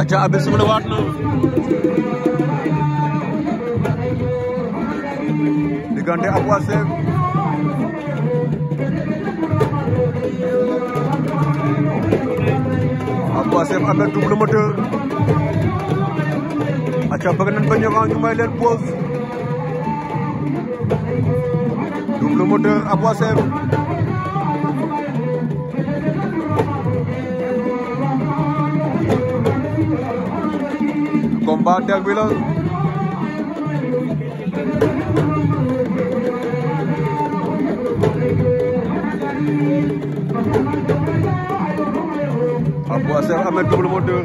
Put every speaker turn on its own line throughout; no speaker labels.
aca abir sumle na diggante ak waa Seef ak waa Seef Ameth aca bëgg nañ ba ñëwaat ñu may leen pause Double Moteur ak waa và Trần Quý Lương Abu Asal Ahmed double model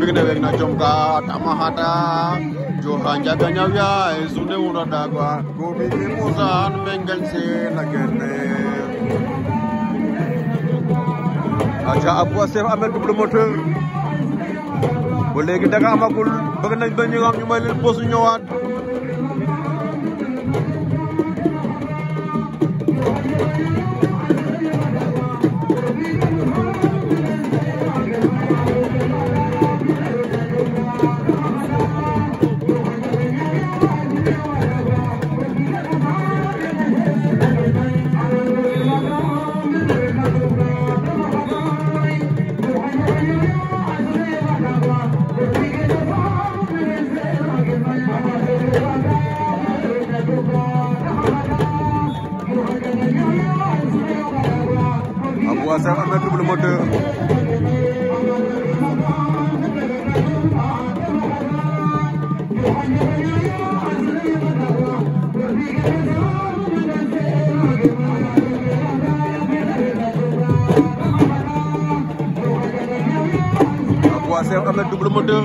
Bigde wek na jomka tamahata Johan jaga nyawya Zunde wuna dagwa Gobi imuzan mengensi nagene Aja Abu Asal Ahmed double model ba léegi danga amagul bëgg nañ ba ñu am ñu may leen posu ñëwaat Abou Assef Ahmed Double Moteur Abou Assef Ahmed Double Moteur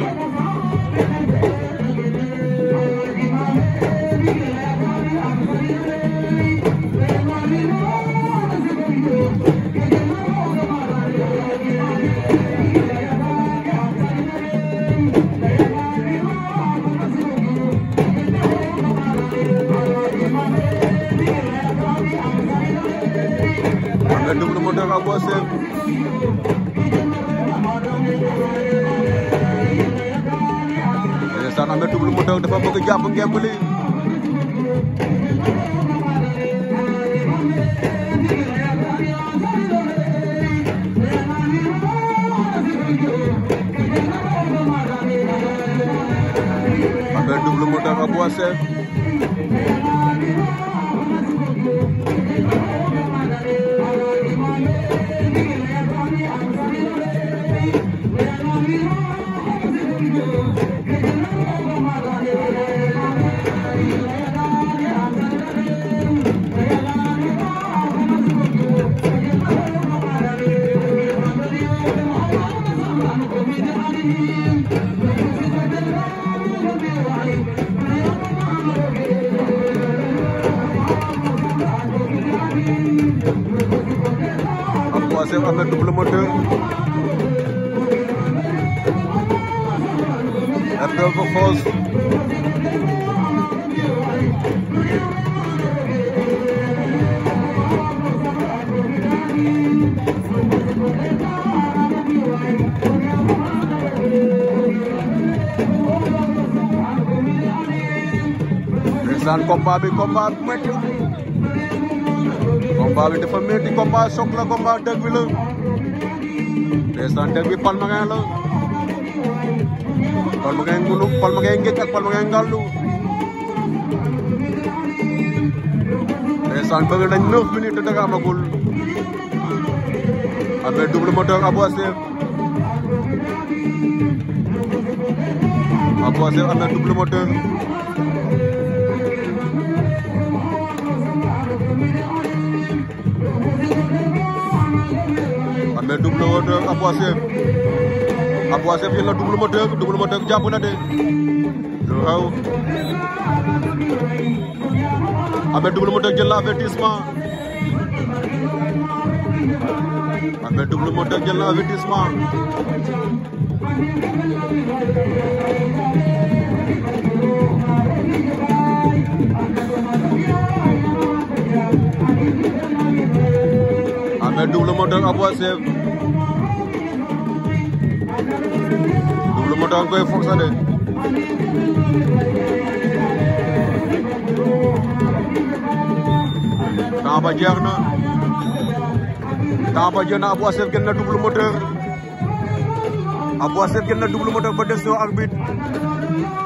Daga Bosem ndeysaan amee tublu mu daw dafa bëgg jàpp ngemb li am na double moteur doogu xoos ndeysaan combat bi combat bu metti combat bi dafa metti combat choc la combat dëgg bi la ndeysaan dëgg bi palmarin la Paul ma ngay ngulu Paul ma ngay ngéj ak Paul ma ngay ngàllu ndeysaan bëgg nañ neuf minutes te dara amagul amee double moteur Abou Assef Abou Assef amee double moteur amee double moteur Abou Assef Aboubassef yéen la Double Moteur Double Moteur jàpp na de lu xew Ameth Double Moteur jël la avertissement Ameth Double Moteur jël la avertissement Ameth daan koy fonctionné temps ba jeex na temps ba jeex na Abou Assef gën na double moteur Abou Assef gën na double moteur ba des soo arbitre